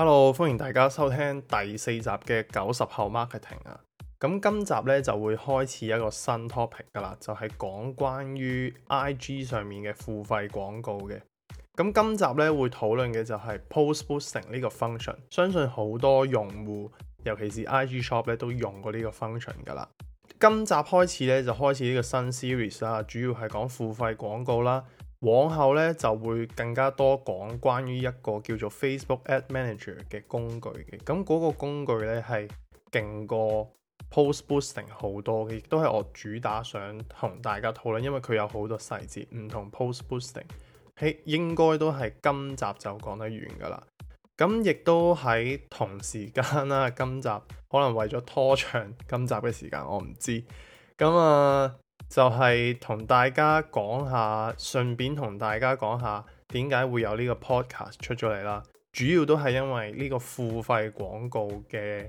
Hello，歡迎大家收聽第四集嘅九十後 marketing 啊。咁今集咧就會開始一個新 topic 噶啦，就係、是、講關於 IG 上面嘅付費廣告嘅。咁今集咧會討論嘅就係 post boosting 呢個 function。相信好多用戶，尤其是 IG shop 咧都用過呢個 function 噶啦。今集開始咧就開始呢個新 series 啦，主要係講付費廣告啦。往後咧就會更加多講關於一個叫做 Facebook Ad Manager 嘅工具嘅，咁嗰個工具咧係勁過 Post Boosting 好多嘅，亦都係我主打想同大家討論，因為佢有好多細節唔同 Post Boosting，喺應該都係今集就講得完噶啦，咁亦都喺同時間啦，今集可能為咗拖長今集嘅時間，我唔知，咁啊。就係同大家講下，順便同大家講下點解會有呢個 podcast 出咗嚟啦。主要都係因為呢個付費廣告嘅誒、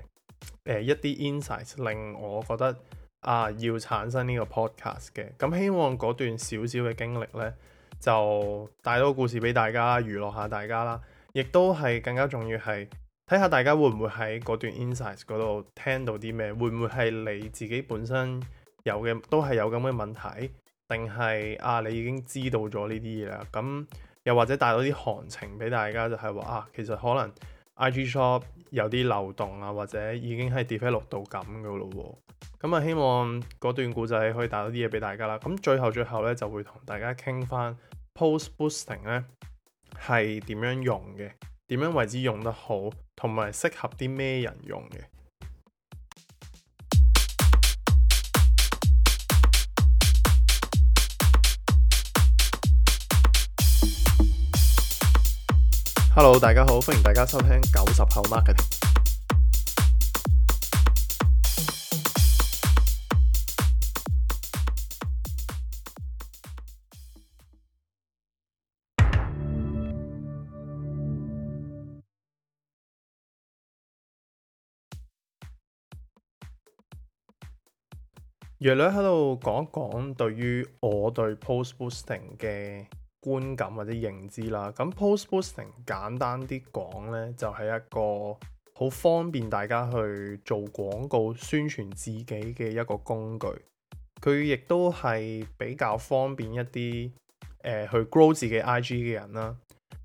呃、一啲 insights 令我覺得啊要產生呢個 podcast 嘅。咁希望嗰段少少嘅經歷呢，就帶多個故事俾大家娛樂下大家啦。亦都係更加重要係睇下大家會唔會喺嗰段 insights 嗰度聽到啲咩，會唔會係你自己本身。有嘅都係有咁嘅問題，定係啊你已經知道咗呢啲嘢啦，咁又或者帶到啲行情俾大家，就係話啊，其實可能 IG shop 有啲漏洞啊，或者已經係 develop 到咁噶咯喎，咁啊希望嗰段故仔可以帶到啲嘢俾大家啦，咁最後最後咧就會同大家傾翻 post boosting 咧係點樣用嘅，點樣為之用得好，同埋適合啲咩人用嘅。Hello，大家好，歡迎大家收聽九十後 Marketing。弱弱喺度講一講，對於我對 post boosting 嘅。觀感或者認知啦，咁 post boosting 簡單啲講呢，就係、是、一個好方便大家去做廣告宣傳自己嘅一個工具。佢亦都係比較方便一啲，誒、呃、去 grow 自己 IG 嘅人啦。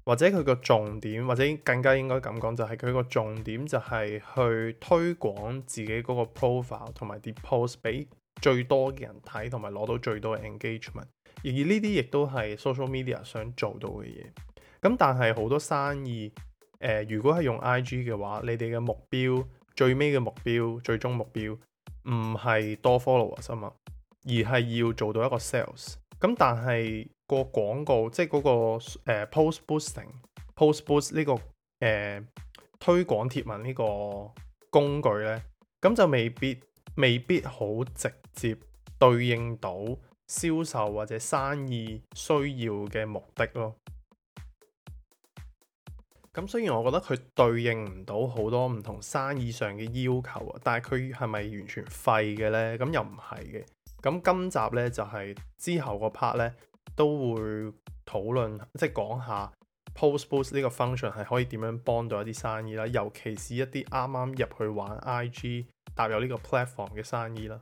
或者佢個重點，或者更加應該咁講，就係佢個重點就係去推廣自己嗰個 profile 同埋啲 post 俾最多嘅人睇，同埋攞到最多嘅 engagement。而呢啲亦都係 social media 想做到嘅嘢，咁但係好多生意，誒、呃、如果係用 IG 嘅話，你哋嘅目標，最尾嘅目標，最終目標唔係多 followers 啊嘛，而係要做到一個 sales。咁但係個廣告即係嗰個 post boosting、post boost 呢、呢個誒、呃、推廣貼文呢個工具呢，咁就未必未必好直接對應到。銷售或者生意需要嘅目的咯。咁雖然我覺得佢對應唔到好多唔同生意上嘅要求啊，但係佢係咪完全廢嘅呢？咁又唔係嘅。咁今集呢，就係、是、之後個 part 呢，都會討論，即、就、係、是、講下 Post Boost 呢個 function 係可以點樣幫到一啲生意啦，尤其是一啲啱啱入去玩 IG 踏入呢個 platform 嘅生意啦。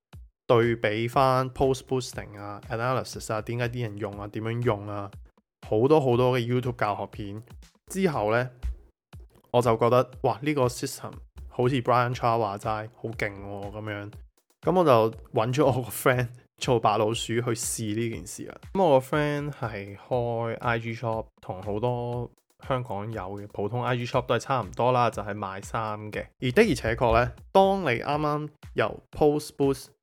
對比翻 post boosting 啊，analysis 啊，點解啲人用啊，點樣用啊，好多好多嘅 YouTube 教學片之後呢，我就覺得哇，呢、呢個 system 好似 Brian Chaw 話齋好勁喎咁樣，咁我就揾咗我個 friend 做白老鼠去試呢件事啊。咁、嗯、我個 friend 係開 IG shop，同好多香港有嘅普通 IG shop 都係差唔多啦，就係賣衫嘅。而的而且確呢，當你啱啱由 post boost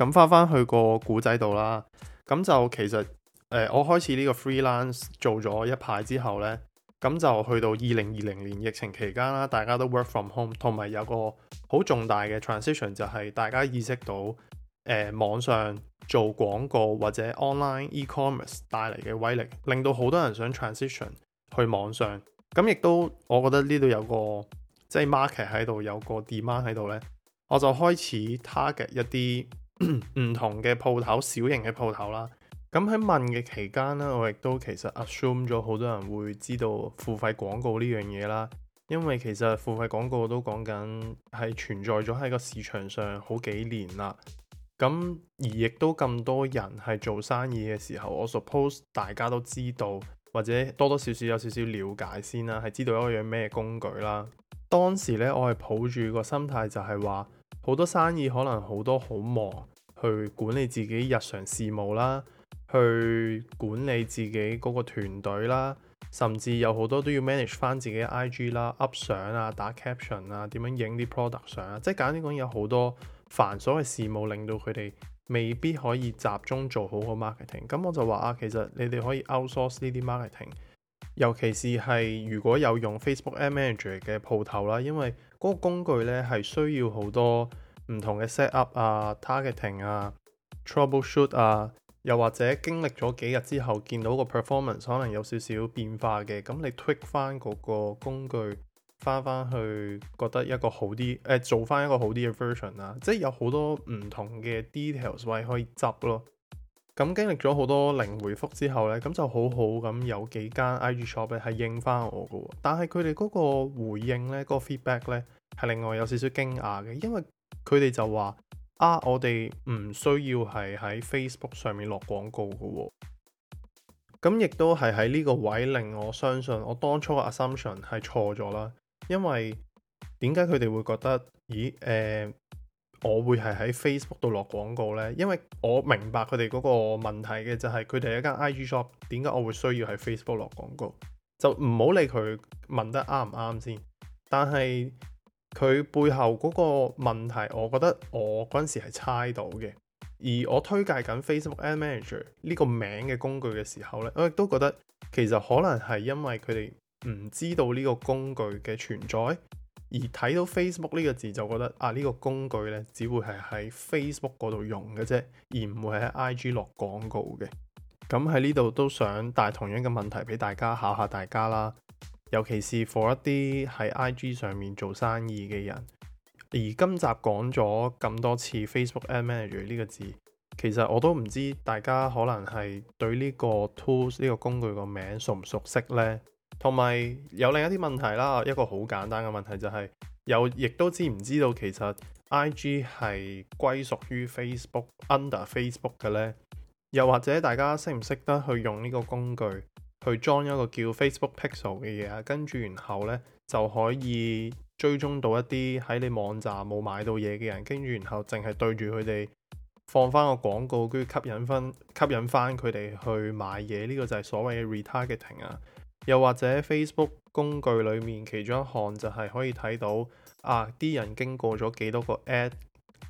咁返返去個古仔度啦，咁就其實誒、呃，我開始呢個 freelance 做咗一排之後呢，咁就去到二零二零年疫情期間啦，大家都 work from home，同埋有個好重大嘅 transition 就係大家意識到誒、呃、網上做廣告或者 online e-commerce 帶嚟嘅威力，令到好多人想 transition 去網上。咁亦都我覺得呢度有個即係、就是、market 喺度，有個 demand 喺度呢，我就開始 target 一啲。唔 同嘅鋪頭，小型嘅鋪頭啦。咁喺問嘅期間呢，我亦都其實 assume 咗好多人會知道付費廣告呢樣嘢啦。因為其實付費廣告都講緊係存在咗喺個市場上好幾年啦。咁而亦都咁多人係做生意嘅時候，我 suppose 大家都知道或者多多少少有少少了解先啦，係知道一樣咩工具啦。當時呢，我係抱住個心態就係話好多生意可能好多好忙。去管理自己日常事務啦，去管理自己嗰個團隊啦，甚至有好多都要 manage 翻自己 IG 啦、up 相啊、打 caption 啊、點樣影啲 product 相啊，即係簡單啲講，有好多繁瑣嘅事務令到佢哋未必可以集中做好個 marketing。咁我就話啊，其實你哋可以 outsource 呢啲 marketing，尤其是係如果有用 Facebook Ad Manager 嘅鋪頭啦，因為嗰個工具咧係需要好多。唔同嘅 set up 啊、targeting 啊、troubleshoot 啊，又或者經歷咗幾日之後，見到個 performance 可能有少少變化嘅，咁你 tweak 翻嗰個工具，翻翻去覺得一個好啲，誒、欸、做翻一個好啲嘅 version 啊，即係有好多唔同嘅 details 位可以執咯。咁、嗯、經歷咗好多零回覆之後呢，咁就好好咁有幾間 IG shop 係係應翻我嘅，但係佢哋嗰個回應呢，嗰、嗰個 feedback 呢，係令我有少少驚訝嘅，因為。佢哋就話啊，我哋唔需要係喺 Facebook 上面落廣告㗎喎、哦，咁亦都係喺呢個位令我相信我當初嘅 assumption 係錯咗啦。因為點解佢哋會覺得，咦？誒、呃，我會係喺 Facebook 度落廣告呢？因為我明白佢哋嗰個問題嘅就係，佢哋一間 IG shop，點解我會需要喺 Facebook 落廣告？就唔好理佢問得啱唔啱先，但係。佢背後嗰個問題，我覺得我嗰陣時係猜到嘅。而我推介緊 Facebook Ad Manager 呢個名嘅工具嘅時候呢，我亦都覺得其實可能係因為佢哋唔知道呢個工具嘅存在，而睇到 Facebook 呢個字就覺得啊，呢個工具呢，只會係喺 Facebook 嗰度用嘅啫，而唔會喺 IG 落廣告嘅。咁喺呢度都想帶同樣嘅問題俾大家考下大家啦。尤其是 for 一啲喺 IG 上面做生意嘅人，而今集講咗咁多次 Facebook Ad Manager 呢個字，其實我都唔知大家可能係對呢個 tools 呢個工具個名熟唔熟悉呢？同埋有，有另一啲問題啦，一個好簡單嘅問題就係又亦都知唔知道其實 IG 係歸屬於 Facebook under Facebook 嘅呢？又或者大家識唔識得去用呢個工具？去裝一個叫 Facebook Pixel 嘅嘢啊，跟住然後呢，就可以追蹤到一啲喺你網站冇買到嘢嘅人，跟住然後淨係對住佢哋放翻個廣告，跟住吸引翻吸引翻佢哋去買嘢。呢個就係所謂嘅 Retargeting 啊。又或者 Facebook 工具裏面其中一項就係可以睇到啊啲人經過咗幾多個 ad，誒、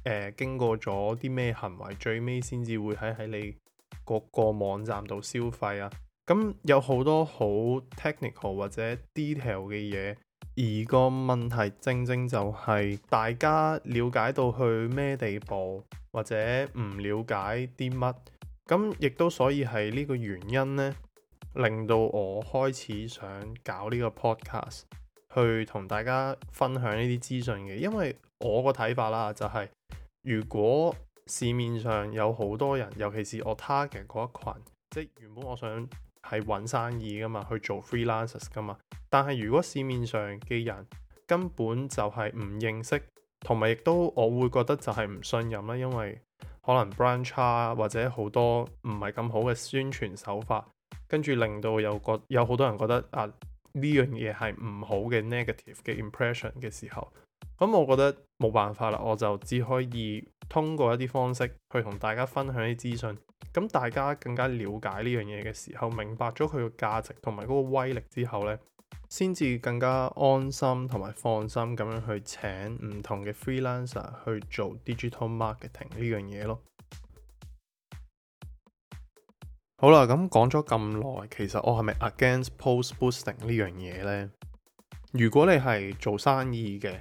呃、經過咗啲咩行為，最尾先至會喺喺你個個網站度消費啊。咁有好多好 technical 或者 detail 嘅嘢，而個問題正正就係大家了解到去咩地步，或者唔了解啲乜。咁亦都所以係呢個原因呢，令到我開始想搞呢個 podcast，去同大家分享呢啲資訊嘅。因為我個睇法啦，就係如果市面上有好多人，尤其是我 target 嘅嗰一群，即係原本我想。係揾生意噶嘛，去做 freelancers 噶嘛。但係如果市面上嘅人根本就係唔認識，同埋亦都我會覺得就係唔信任啦。因為可能 brand 差或者好多唔係咁好嘅宣傳手法，跟住令到有個有好多人覺得啊，呢樣嘢係唔好嘅 negative 嘅 impression 嘅時候。咁、嗯、我覺得冇辦法啦，我就只可以通過一啲方式去同大家分享啲資訊。咁大家更加了解呢樣嘢嘅時候，明白咗佢嘅價值同埋嗰個威力之後呢，先至更加安心同埋放心咁樣去請唔同嘅 freelancer 去做 digital marketing 呢樣嘢咯。好啦，咁、嗯、講咗咁耐，其實我係咪 against post boosting 呢樣嘢呢？如果你係做生意嘅。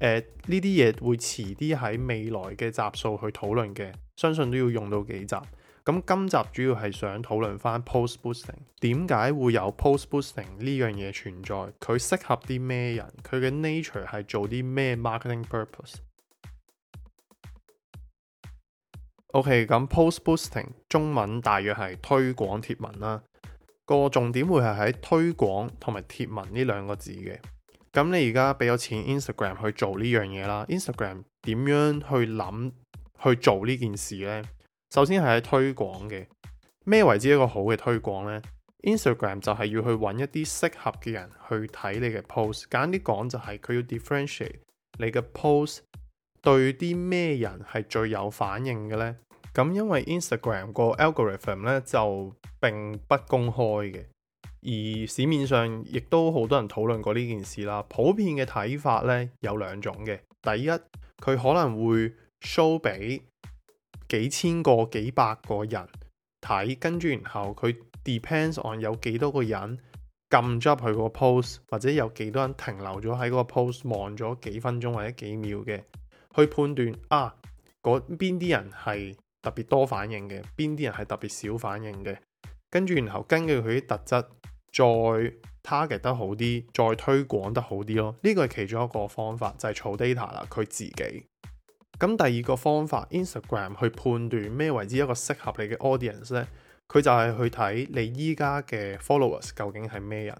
誒，呢啲嘢會遲啲喺未來嘅集數去討論嘅，相信都要用到幾集。咁今集主要係想討論翻 post boosting，點解會有 post boosting 呢樣嘢存在？佢適合啲咩人？佢嘅 nature 係做啲咩 marketing purpose？OK，okay，咁 post boosting 中文大約係推廣貼文啦，個重點會係喺推廣同埋貼文呢兩個字嘅。咁你而家俾咗錢 Instagram 去做呢樣嘢啦，Instagram 點樣去諗去做呢件事呢？首先係喺推廣嘅，咩為之一個好嘅推廣呢？Instagram 就係要去揾一啲適合嘅人去睇你嘅 post，簡單啲講就係佢要 differentiate 你嘅 post 對啲咩人係最有反應嘅呢？咁因為 Instagram 個 algorithm 呢，就並不公開嘅。而市面上亦都好多人討論過呢件事啦。普遍嘅睇法呢，有兩種嘅。第一，佢可能會 show 俾幾千個、幾百個人睇，跟住然後佢 depends on 有幾多個人撳咗佢個 post，或者有幾多人停留咗喺嗰個 post 望咗幾分鐘或者幾秒嘅，去判斷啊嗰邊啲人係特別多反應嘅，邊啲人係特別少反應嘅。跟住然後根據佢啲特質。再 target 得好啲，再推廣得好啲咯。呢個係其中一個方法，就係儲 data 啦。佢自己。咁第二個方法，Instagram 去判斷咩為之一個適合你嘅 audience 呢？佢就係去睇你依家嘅 followers 究竟係咩人。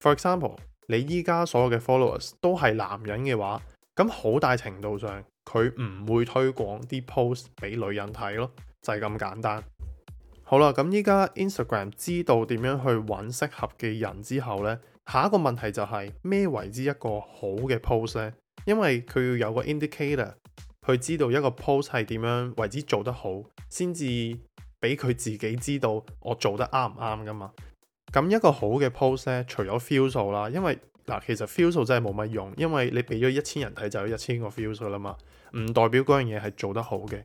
For example，你依家所有嘅 followers 都係男人嘅話，咁好大程度上佢唔會推廣啲 post 俾女人睇咯，就係咁簡單。好啦，咁依家 Instagram 知道點樣去揾適合嘅人之後呢，下一個問題就係咩為之一個好嘅 post 呢？因為佢要有個 indicator 去知道一個 post 係點樣為之做得好，先至俾佢自己知道我做得啱唔啱噶嘛。咁一個好嘅 post 咧，除咗 feel 數啦，因為嗱，其實 feel 數真係冇乜用，因為你俾咗一千人睇就有一千個 feel 數啦嘛，唔代表嗰樣嘢係做得好嘅。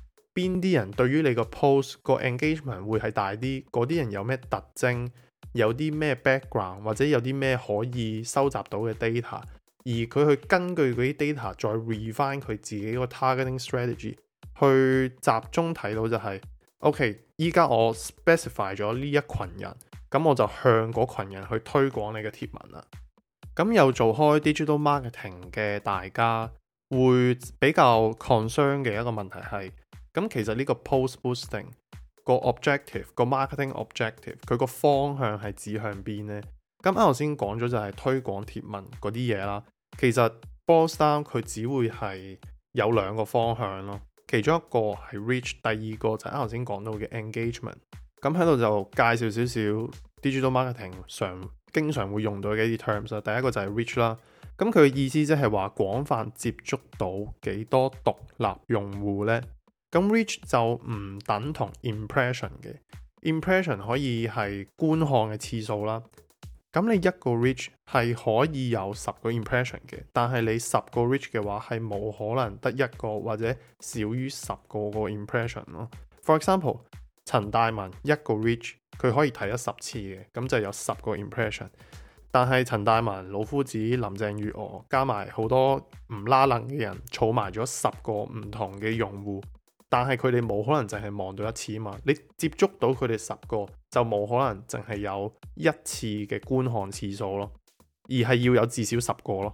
邊啲人對於你 post，個 post 個 engagement 會係大啲？嗰啲人有咩特徵？有啲咩 background 或者有啲咩可以收集到嘅 data？而佢去根據嗰啲 data 再 refine 佢自己個 targeting strategy，去集中睇到就係，OK。依家我 specify 咗呢一群人，咁我就向嗰羣人去推廣你嘅貼文啦。咁又做開 digital marketing 嘅大家會比較 concern 嘅一個問題係。咁其實呢個 post boosting 個 objective，個 marketing objective 佢個方向係指向邊呢？咁啱頭先講咗就係推廣貼文嗰啲嘢啦。其實 Boost Post 佢只會係有兩個方向咯，其中一個係 reach，第二個就係啱頭先講到嘅 engagement。咁喺度就介紹少少 digital marketing 常經常會用到嘅一啲 terms 啦，第一個就係 reach 啦，咁佢嘅意思即係話廣泛接觸到幾多獨立用戶呢？咁 reach 就唔等同 impression 嘅，impression 可以係觀看嘅次數啦。咁你一個 reach 係可以有十個 impression 嘅，但係你十個 reach 嘅話係冇可能得一個或者少於十個個 impression 咯。For example，陳大文一個 reach 佢可以睇一十次嘅，咁就有十個 impression。但係陳大文、老夫子、林鄭月娥加埋好多唔拉能嘅人，儲埋咗十個唔同嘅用戶。但係佢哋冇可能淨係望到一次啊嘛！你接觸到佢哋十個就冇可能淨係有一次嘅觀看次數咯，而係要有至少十個咯。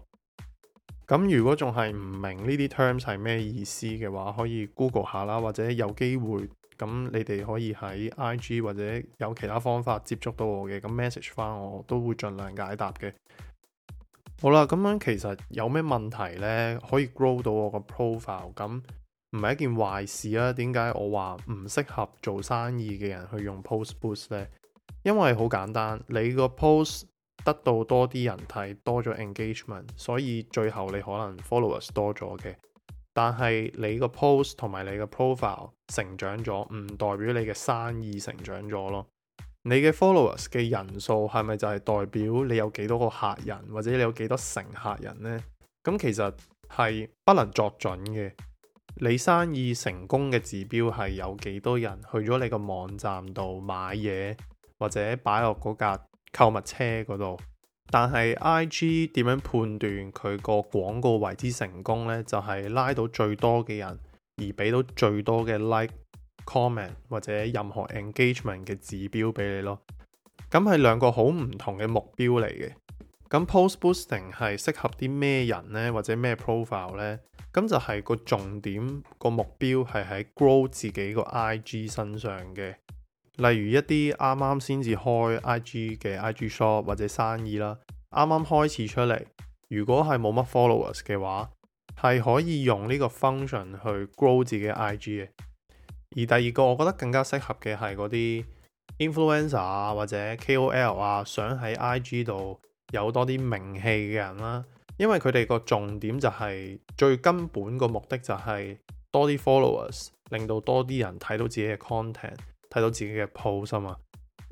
咁如果仲係唔明呢啲 terms 係咩意思嘅話，可以 Google 下啦，或者有機會咁你哋可以喺 IG 或者有其他方法接觸到我嘅，咁 message 翻我都會盡量解答嘅。好啦，咁樣其實有咩問題呢？可以 grow 到我個 profile 咁？唔係一件壞事啊？點解我話唔適合做生意嘅人去用 post boost 呢？因為好簡單，你個 post 得到多啲人睇，多咗 engagement，所以最後你可能 followers 多咗嘅。但係你個 post 同埋你個 profile 成長咗，唔代表你嘅生意成長咗咯。你嘅 followers 嘅人數係咪就係代表你有幾多個客人或者你有幾多成客人呢？咁其實係不能作準嘅。你生意成功嘅指標係有幾多人去咗你個網站度買嘢，或者擺落嗰架購物車嗰度。但係 IG 點樣判斷佢個廣告為之成功呢？就係拉到最多嘅人，而俾到最多嘅 like、comment 或者任何 engagement 嘅指標俾你咯。咁係兩個好唔同嘅目標嚟嘅。咁 post boosting 係適合啲咩人呢？或者咩 profile 呢？咁就係個重點，個目標係喺 grow 自己個 IG 身上嘅。例如一啲啱啱先至開 IG 嘅 IG shop 或者生意啦，啱啱開始出嚟，如果係冇乜 followers 嘅話，係可以用呢個 function 去 grow 自己嘅 IG 嘅。而第二個，我覺得更加適合嘅係嗰啲 influencer 啊，或者 KOL 啊，想喺 IG 度有多啲名氣嘅人啦。因為佢哋個重點就係最根本個目的就係多啲 followers，令到多啲人睇到自己嘅 content，睇到自己嘅 post 啊嘛，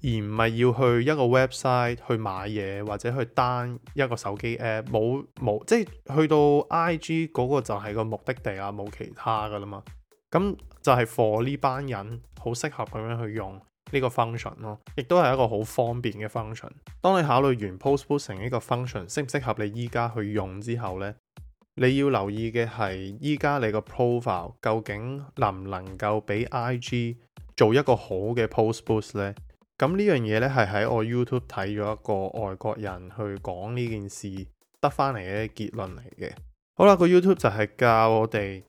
而唔係要去一個 website 去買嘢或者去 down 一個手機 app 冇，冇，即係去到 IG 嗰個就係個目的地啊，冇其他噶啦嘛，咁就係 for 呢班人好適合咁樣去用。呢個 function 咯，亦都係一個好方便嘅 function。當你考慮完 postboost 成呢個 function 適唔適合你依家去用之後呢，你要留意嘅係依家你個 profile 究竟能唔能夠俾 IG 做一個好嘅 postboost 呢？咁呢樣嘢呢，係喺我 YouTube 睇咗一個外國人去講呢件事得返嚟嘅結論嚟嘅。好啦，這個 YouTube 就係教我哋。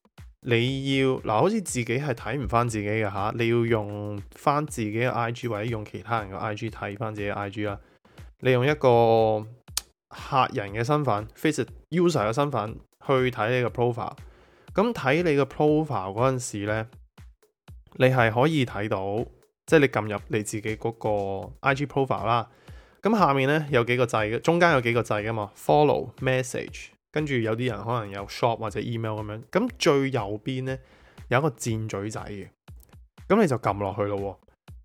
你要嗱，好似自己係睇唔翻自己嘅吓。你要用翻自己嘅 I G 或者用其他人嘅 I G 睇翻自己嘅 I G 啦。你用一個客人嘅身份 Facebook user 嘅身份去睇你嘅 profile。咁睇你嘅 profile 嗰陣時咧，你係可以睇到，即係你撳入你自己嗰個 I G profile 啦。咁下面咧有幾個掣，中間有幾個掣啊嘛，Follow、Message。跟住有啲人可能有 shop 或者 email 咁樣，咁最右邊呢，有一個箭嘴仔嘅，咁你就撳落去咯。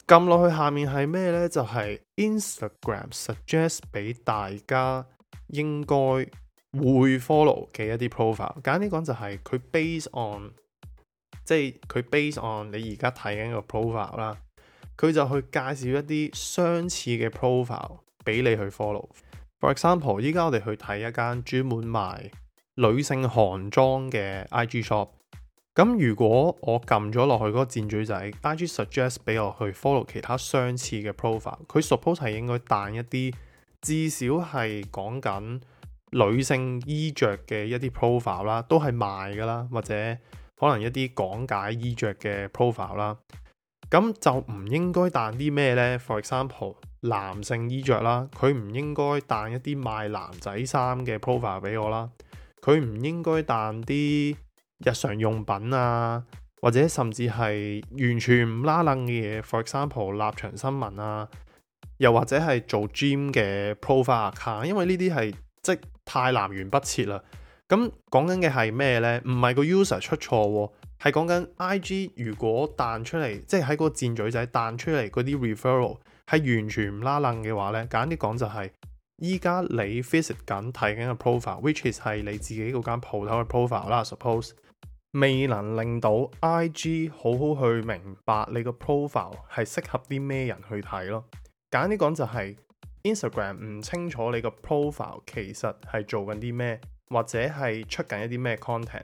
撳落去下面係咩呢？就係 Instagram suggest 俾大家應該會 follow 嘅一啲 profile。簡單啲講就係佢 base on，即係佢 base on 你而家睇緊個 profile 啦，佢就去介紹一啲相似嘅 profile 俾你去 follow。For example，依家我哋去睇一間專門賣女性韓裝嘅 IG shop。咁如果我撳咗落去嗰個箭嘴仔，IG suggest 俾我去 follow 其他相似嘅 profile，佢 suppose 係應該彈一啲至少係講緊女性衣着嘅一啲 profile 啦，都係賣噶啦，或者可能一啲講解衣着嘅 profile 啦。咁就唔應該彈啲咩呢？For example。男性衣着啦，佢唔應該彈一啲賣男仔衫嘅 profile 俾我啦，佢唔應該彈啲日常用品啊，或者甚至係完全唔拉楞嘅嘢，for example，立場新聞啊，又或者係做 gym 嘅 profile account，因為呢啲係即太南轅北轍啦。咁講緊嘅係咩呢？唔係個 user 出錯喎，係講緊 IG 如果彈出嚟，即係喺個箭嘴仔彈出嚟嗰啲 referral。係完全唔拉冷嘅話呢，簡單啲講就係，依家你 face 緊睇緊嘅 profile，which is 係你自己嗰間鋪頭嘅 profile 啦。Suppose 未能令到 IG 好好去明白你個 profile 係適合啲咩人去睇咯。簡單啲講就係、是 well、Instagram 唔清楚你個 profile 其實係做緊啲咩，或者係出緊一啲咩 content。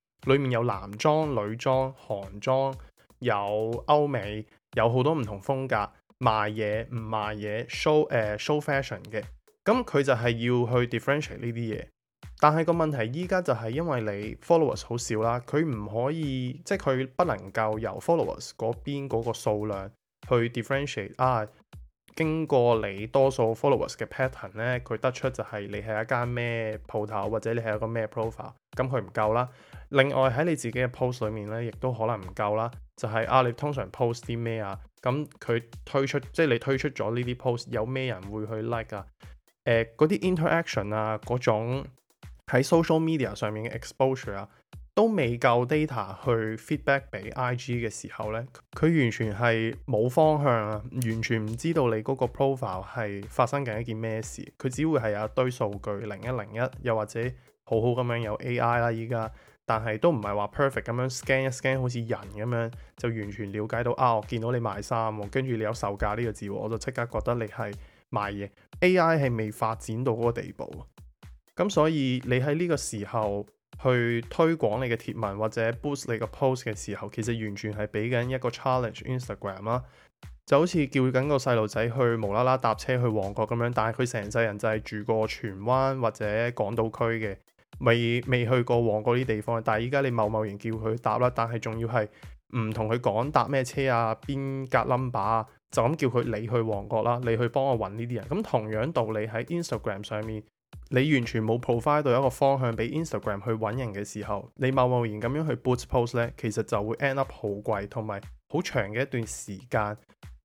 裏面有男裝、女裝、韓裝，有歐美，有好多唔同風格賣嘢，唔賣嘢 show 誒、uh, show fashion 嘅，咁佢就係要去 differentiate 呢啲嘢，但係個問題依家就係因為你 followers 好少啦，佢唔可以即係佢不能夠由 followers 嗰邊嗰個數量去 differentiate 啊。經過你多數 followers 嘅 pattern 咧，佢得出就係你係一間咩鋪頭，或者你係一個咩 profile，咁佢唔夠啦。另外喺你自己嘅 post 裏面咧，亦都可能唔夠啦。就係、是、啊，你通常 post 啲咩啊？咁佢推出，即係你推出咗呢啲 post，有咩人會去 like 啊？誒、呃，嗰啲 interaction 啊，嗰種喺 social media 上面嘅 exposure 啊。都未夠 data 去 feedback 俾 IG 嘅時候呢，佢完全係冇方向啊，完全唔知道你嗰個 profile 係發生緊一件咩事，佢只會係有一堆數據零一零一，101，又或者好好咁樣有 AI 啦依家，但係都唔係話 perfect 咁樣 scan 一 scan，好似人咁樣就完全了解到啊，我見到你賣衫、啊，跟住你有售價呢個字，我就即刻覺得你係賣嘢，AI 係未發展到嗰個地步，咁所以你喺呢個時候，去推廣你嘅貼文或者 boost 你個 post 嘅時候，其實完全係俾緊一個 challenge Instagram 啦，就好似叫緊個細路仔去無啦啦搭車去旺角咁樣，但係佢成世人就係住過荃灣或者港島區嘅，未未去過旺角呢啲地方，但係依家你貿貿然叫佢搭啦，但係仲要係唔同佢講搭咩車啊，邊格 number 啊，就咁叫佢你去旺角啦，你去幫我揾呢啲人，咁同樣道理喺 Instagram 上面。你完全冇 provide 到一個方向俾 Instagram 去揾人嘅時候，你貿貿然咁樣去 boost post 咧，其實就會 end up 好貴，同埋好長嘅一段時間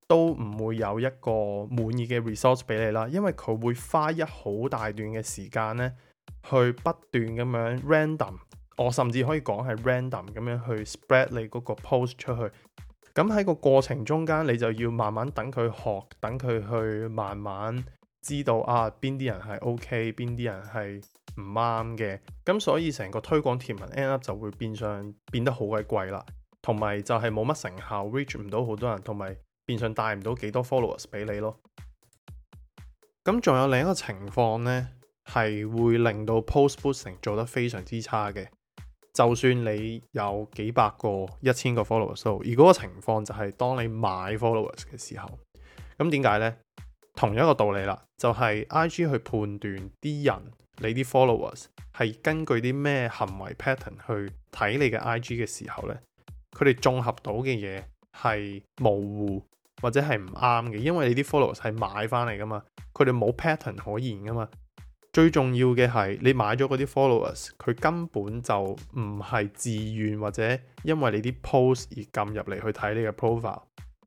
都唔會有一個滿意嘅 resource 俾你啦。因為佢會花一好大段嘅時間咧，去不斷咁樣 random，我甚至可以講係 random 咁樣去 spread 你嗰個 post 出去。咁喺個過程中間，你就要慢慢等佢學，等佢去慢慢。知道啊，邊啲人係 OK，邊啲人係唔啱嘅，咁所以成個推廣貼文 end up 就會變相變得好鬼貴啦，同埋就係冇乜成效，reach 唔到好多人，同埋變相帶唔到幾多 followers 俾你咯。咁仲有另一個情況呢，係會令到 post boosting 做得非常之差嘅。就算你有幾百個、一千個 followers，而嗰個情況就係當你買 followers 嘅時候，咁點解呢？同一個道理啦，就係 IG 去判斷啲人你啲 followers 係根據啲咩行為 pattern 去睇你嘅 IG 嘅時候呢？佢哋綜合到嘅嘢係模糊或者係唔啱嘅，因為你啲 followers 係買翻嚟噶嘛，佢哋冇 pattern 可言噶嘛。最重要嘅係你買咗嗰啲 followers，佢根本就唔係自願或者因為你啲 post 而撳入嚟去睇你嘅 profile，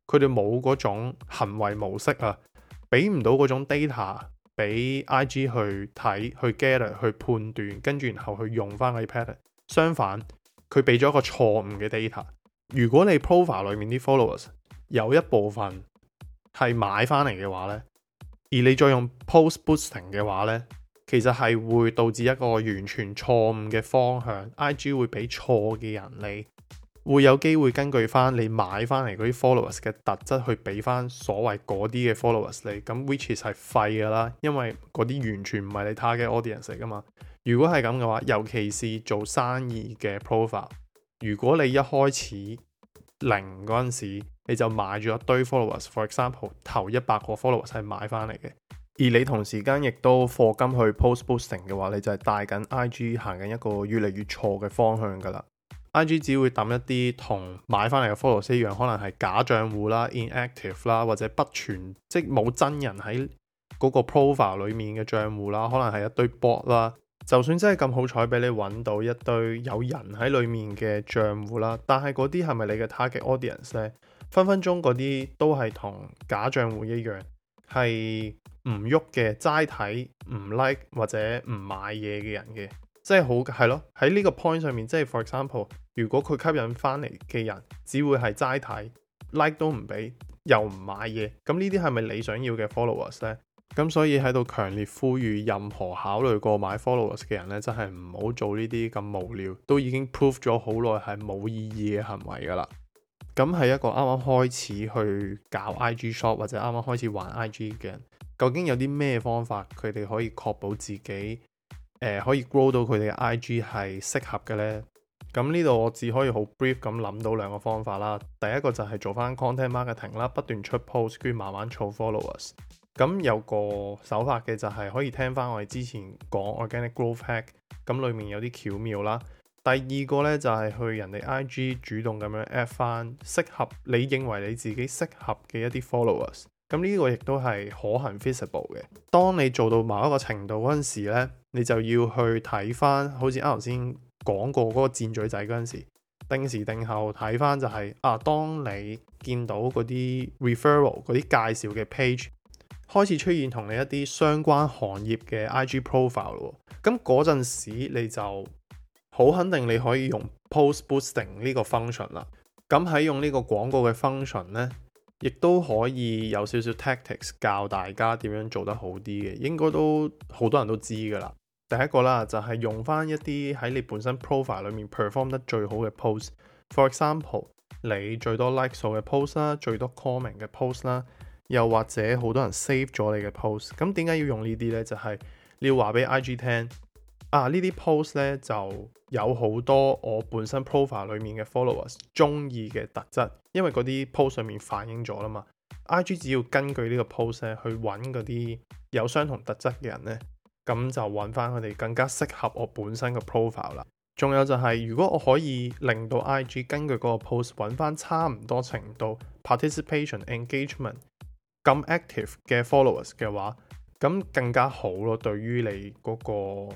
佢哋冇嗰種行為模式啊。俾唔到嗰種 data 俾 IG 去睇，去 gather，去判斷，跟住然後去用翻啲 pattern。相反，佢俾咗一個錯誤嘅 data。如果你 profile 裡面啲 followers 有一部分係買翻嚟嘅話呢，而你再用 post boosting 嘅話呢，其實係會導致一個完全錯誤嘅方向。IG 會俾錯嘅人你。會有機會根據翻你買翻嚟嗰啲 followers 嘅特質去俾翻所謂嗰啲嘅 followers 你，咁 which is 係廢㗎啦，因為嗰啲完全唔係你 target audience 嚟㗎嘛。如果係咁嘅話，尤其是做生意嘅 profile，如果你一開始零嗰陣時你就買咗一堆 followers，for example 頭一百個 followers 係買翻嚟嘅，而你同時間亦都課金去 post posting 嘅話，你就係帶緊 IG 行緊一個越嚟越錯嘅方向㗎啦。I.G. 只會抌一啲同買翻嚟嘅 followers 一樣，可能係假賬戶啦、inactive 啦，或者不存，即冇真人喺嗰個 profile 裡面嘅賬戶啦，可能係一堆 bot 啦。就算真係咁好彩俾你揾到一堆有人喺裡面嘅賬戶啦，但係嗰啲係咪你嘅 target audience 咧？分分鐘嗰啲都係同假賬戶一樣，係唔喐嘅，齋睇唔 like 或者唔買嘢嘅人嘅。即係好嘅，係咯，喺呢個 point 上面，即係 for example，如果佢吸引翻嚟嘅人，只會係齋睇 like 都唔俾，又唔買嘢，咁呢啲係咪你想要嘅 followers 呢？咁所以喺度強烈呼籲任何考慮過買 followers 嘅人呢，真係唔好做呢啲咁無聊，都已經 prove 咗好耐係冇意義嘅行為㗎啦。咁係一個啱啱開始去搞 IG shop 或者啱啱開始玩 IG 嘅人，究竟有啲咩方法佢哋可以確保自己，誒、呃、可以 grow 到佢哋嘅 IG 係適合嘅呢。咁呢度我只可以好 brief 咁諗到兩個方法啦。第一個就係做翻 content marketing 啦，不斷出 post，跟住慢慢湊 followers。咁有個手法嘅就係可以聽翻我哋之前講 organic growth hack，咁裡面有啲巧妙啦。第二個呢就係去人哋 IG 主動咁樣 add 翻適合你認為你自己適合嘅一啲 followers。咁呢個亦都係可行 feasible 嘅。當你做到某一個程度嗰陣時咧，你就要去睇翻，好似啱頭先講過嗰個箭嘴仔嗰陣時，定時定後睇翻就係、是、啊，當你見到嗰啲 referral 嗰啲介紹嘅 page 開始出現同你一啲相關行業嘅 IG profile 咯。咁嗰陣時你就好肯定你可以用 post boosting 呢個 function 啦。咁喺用呢個廣告嘅 function 呢。亦都可以有少少 tactics 教大家點樣做得好啲嘅，應該都好多人都知噶啦。第一個啦，就係用翻一啲喺你本身 profile 裏面 perform 得最好嘅 post，for example，你最多 like 數嘅 post 啦，最多 comment 嘅 post 啦，又或者好多人 save 咗你嘅 post。咁點解要用呢啲呢？就係你要話俾 IG 聽。啊！呢啲 post 咧就有好多我本身 profile 裏面嘅 followers 中意嘅特質，因為嗰啲 post 上面反映咗啦嘛。IG 只要根據呢個 post 咧去揾嗰啲有相同特質嘅人咧，咁就揾翻佢哋更加適合我本身嘅 profile 啦。仲有就係、是、如果我可以令到 IG 根據嗰個 post 揾翻差唔多程度 participation engagement 咁 active 嘅 followers 嘅話，咁更加好咯。對於你嗰、那個。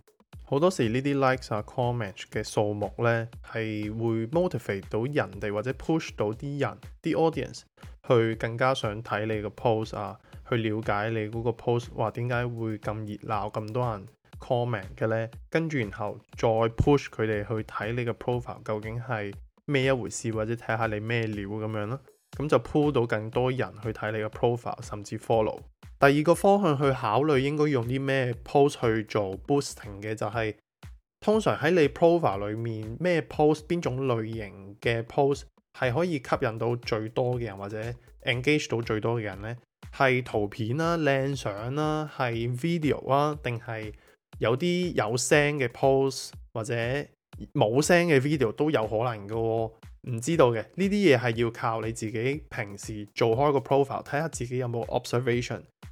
好多時呢啲 likes 啊 comment 嘅數目呢，係會 motivate 到人哋或者 push 到啲人，啲 audience 去更加想睇你個 post 啊，去了解你嗰個 post 話點解會咁熱鬧咁多人 comment 嘅呢。跟住然後再 push 佢哋去睇你個 profile 究竟係咩一回事，或者睇下你咩料咁樣咯，咁就 pull 到更多人去睇你個 profile，甚至 follow。第二個方向去考慮應該用啲咩 post 去做 boosting 嘅、就是，就係通常喺你 profile 裏面咩 post，邊種類型嘅 post 係可以吸引到最多嘅人或者 engage 到最多嘅人呢？係圖片啦、啊、靚相啦，係 video 啊，定係有啲有聲嘅 post 或者冇聲嘅 video 都有可能嘅、哦。唔知道嘅呢啲嘢係要靠你自己平時做開個 profile，睇下自己有冇 observation。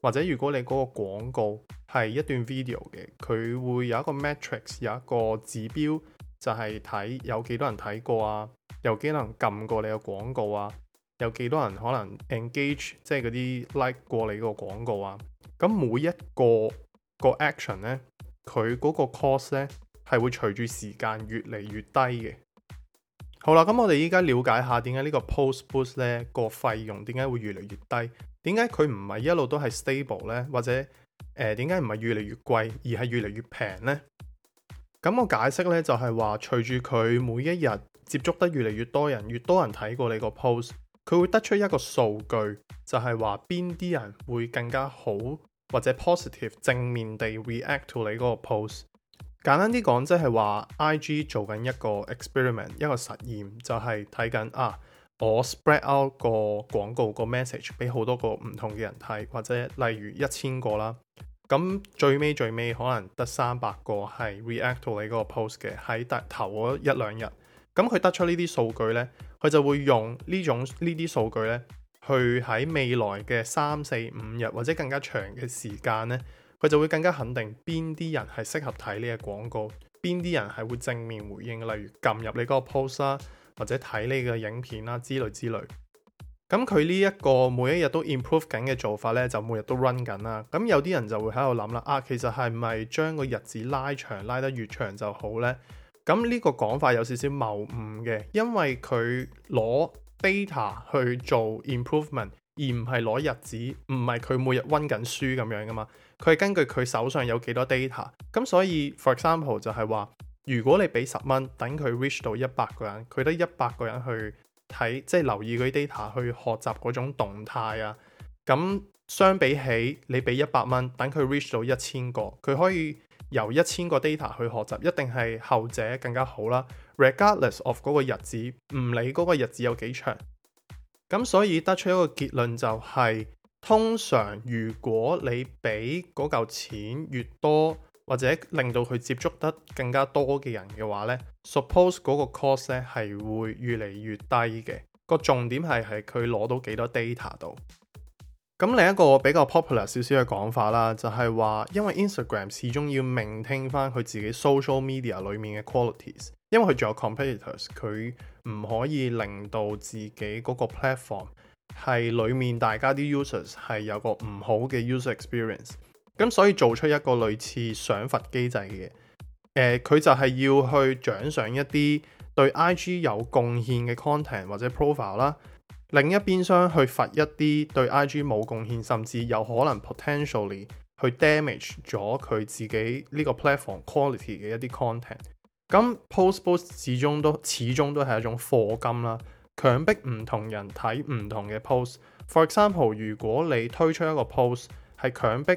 或者如果你嗰個廣告係一段 video 嘅，佢會有一個 metrics 有一個指標，就係睇有幾多人睇過啊，有幾多人撳過你個廣告啊，有幾多人可能 engage 即係嗰啲 like 過你個廣告啊，咁每一個個 action 呢，佢嗰個 cost 呢，係會隨住時間越嚟越低嘅。好啦，咁我哋依家了解下點解呢個 post boost 呢個費用點解會越嚟越低。點解佢唔係一路都係 stable 呢？或者誒，點解唔係越嚟越貴，而係越嚟越平呢？咁我解釋呢，就係話，隨住佢每一日接觸得越嚟越多人，越多人睇過你個 post，佢會得出一個數據，就係話邊啲人會更加好或者 positive 正面地 react to 你嗰個 post。簡單啲講，即係話 IG 做緊一個 experiment，一個實驗就係睇緊啊。我 spread out 個廣告個 message 俾好多個唔同嘅人睇，或者例如一千個啦，咁最尾最尾可能得三百個係 react 到你嗰個 post 嘅，喺大頭嗰一兩日，咁佢得出呢啲數據呢，佢就會用呢種呢啲數據呢去喺未來嘅三四五日或者更加長嘅時間呢，佢就會更加肯定邊啲人係適合睇呢個廣告，邊啲人係會正面回應，例如撳入你嗰個 post 啦。或者睇呢個影片啦之類之類，咁佢呢一個每一日都 improve 緊嘅做法呢，就每日都 run 緊啦。咁有啲人就會喺度諗啦，「啊其實係咪將個日子拉長，拉得越長就好呢？」咁呢個講法有少少謬誤嘅，因為佢攞 data 去做 improvement，而唔係攞日子，唔係佢每日 run 緊書咁樣噶嘛。佢係根據佢手上有幾多 data，咁所以 for example 就係話。如果你俾十蚊，等佢 reach 到一百個人，佢得一百個人去睇，即係留意嗰啲 data 去學習嗰種動態啊。咁相比起你俾一百蚊，等佢 reach 到一千個，佢可以由一千個 data 去學習，一定係後者更加好啦。Regardless of 嗰個日子，唔理嗰個日子有幾長。咁所以得出一個結論就係，通常如果你俾嗰嚿錢越多。或者令到佢接觸得更加多嘅人嘅話呢 suppose 嗰個 cost 咧係會越嚟越低嘅。個重點係係佢攞到幾多 data 度。咁另一個比較 popular 少少嘅講法啦，就係話，因為 Instagram 始終要聆聽翻佢自己 social media 裡面嘅 qualities，因為佢仲有 competitors，佢唔可以令到自己嗰個 platform 係裡面大家啲 users 係有個唔好嘅 user experience。咁所以做出一個類似賞罰機制嘅嘢。佢、呃、就係要去獎賞一啲對 I G 有貢獻嘅 content 或者 profile 啦。另一邊廂去罰一啲對 I G 冇貢獻，甚至有可能 potentially 去 damage 咗佢自己呢個 platform quality 嘅一啲 content。咁 post post 始終都始終都係一種課金啦，強迫唔同人睇唔同嘅 post。For example，如果你推出一個 post 係強迫。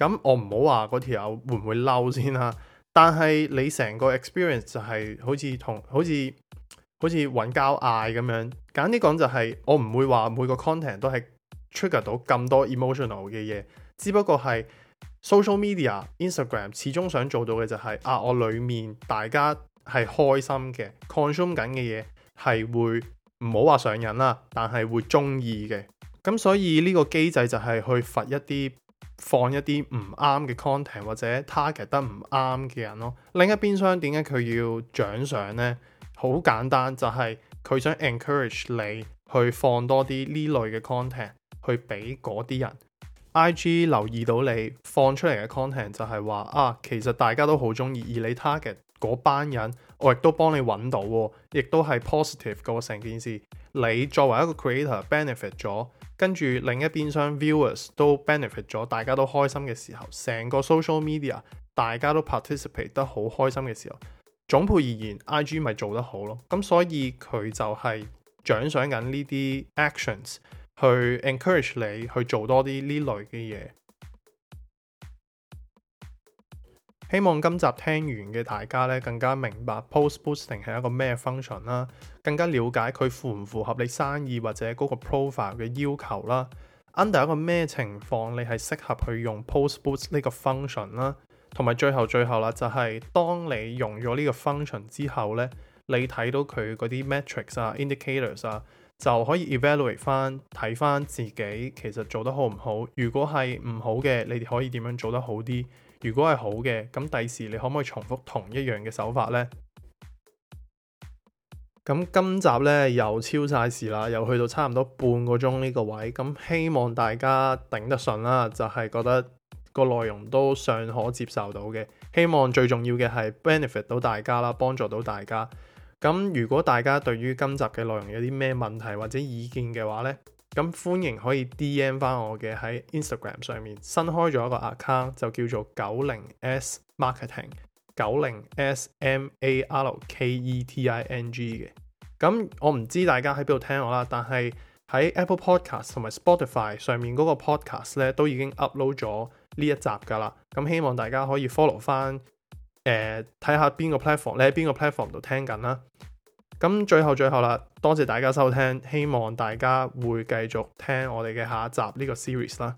咁我唔好話嗰條友會唔會嬲先啦、啊，但係你成個 experience 就係好似同好似好似揾交嗌咁樣，簡啲講就係我唔會話每個 content 都係 trigger 到咁多 emotional 嘅嘢，只不過係 social media、Instagram 始終想做到嘅就係、是、啊，我裡面大家係開心嘅，consume 緊嘅嘢係會唔好話上癮啦，但係會中意嘅。咁所以呢個機制就係去罰一啲。放一啲唔啱嘅 content 或者 target 得唔啱嘅人咯。另一邊廂，點解佢要獎賞呢？好簡單，就係、是、佢想 encourage 你去放多啲呢類嘅 content 去俾嗰啲人。IG 留意到你放出嚟嘅 content 就係話啊，其實大家都好中意，而你 target 嗰班人，我亦都幫你揾到，亦都係 positive 過成件事。你作為一個 creator benefit 咗。跟住另一邊廂 viewers 都 benefit 咗，大家都開心嘅時候，成個 social media 大家都 participate 得好開心嘅時候，總括而言，IG 咪做得好咯。咁、嗯、所以佢就係獎賞緊呢啲 actions 去 encourage 你去做多啲呢類嘅嘢。希望今集聽完嘅大家咧，更加明白 post boosting 係一個咩 function 啦，更加了解佢符唔符合你生意或者嗰個 profile 嘅要求啦。Under 一個咩情況你係適合去用 post boost 呢個 function 啦？同埋最後最後啦，就係、是、當你用咗呢個 function 之後咧，你睇到佢嗰啲 metrics 啊、indicators 啊。就可以 evaluate 翻睇翻自己其實做得好唔好，如果係唔好嘅，你哋可以點樣做得好啲？如果係好嘅，咁第時你可唔可以重複同一樣嘅手法呢？咁今集呢，又超晒時啦，又去到差唔多半個鐘呢個位，咁希望大家頂得順啦，就係覺得個內容都尚可接受到嘅。希望最重要嘅係 benefit 到大家啦，幫助到大家。咁如果大家對於今集嘅內容有啲咩問題或者意見嘅話呢，咁歡迎可以 DM 返我嘅喺 Instagram 上面新開咗一個 account 就叫做九零 S Marketing 九零 S M A R K E T I N G 嘅。咁我唔知大家喺邊度聽我啦，但係喺 Apple Podcast 同埋 Spotify 上面嗰個 Podcast 呢都已經 upload 咗呢一集㗎啦。咁希望大家可以 follow 返。誒，睇下邊個 platform，你喺邊個 platform 度聽緊啦？咁最後最後啦，多謝大家收聽，希望大家會繼續聽我哋嘅下一集呢個 series 啦。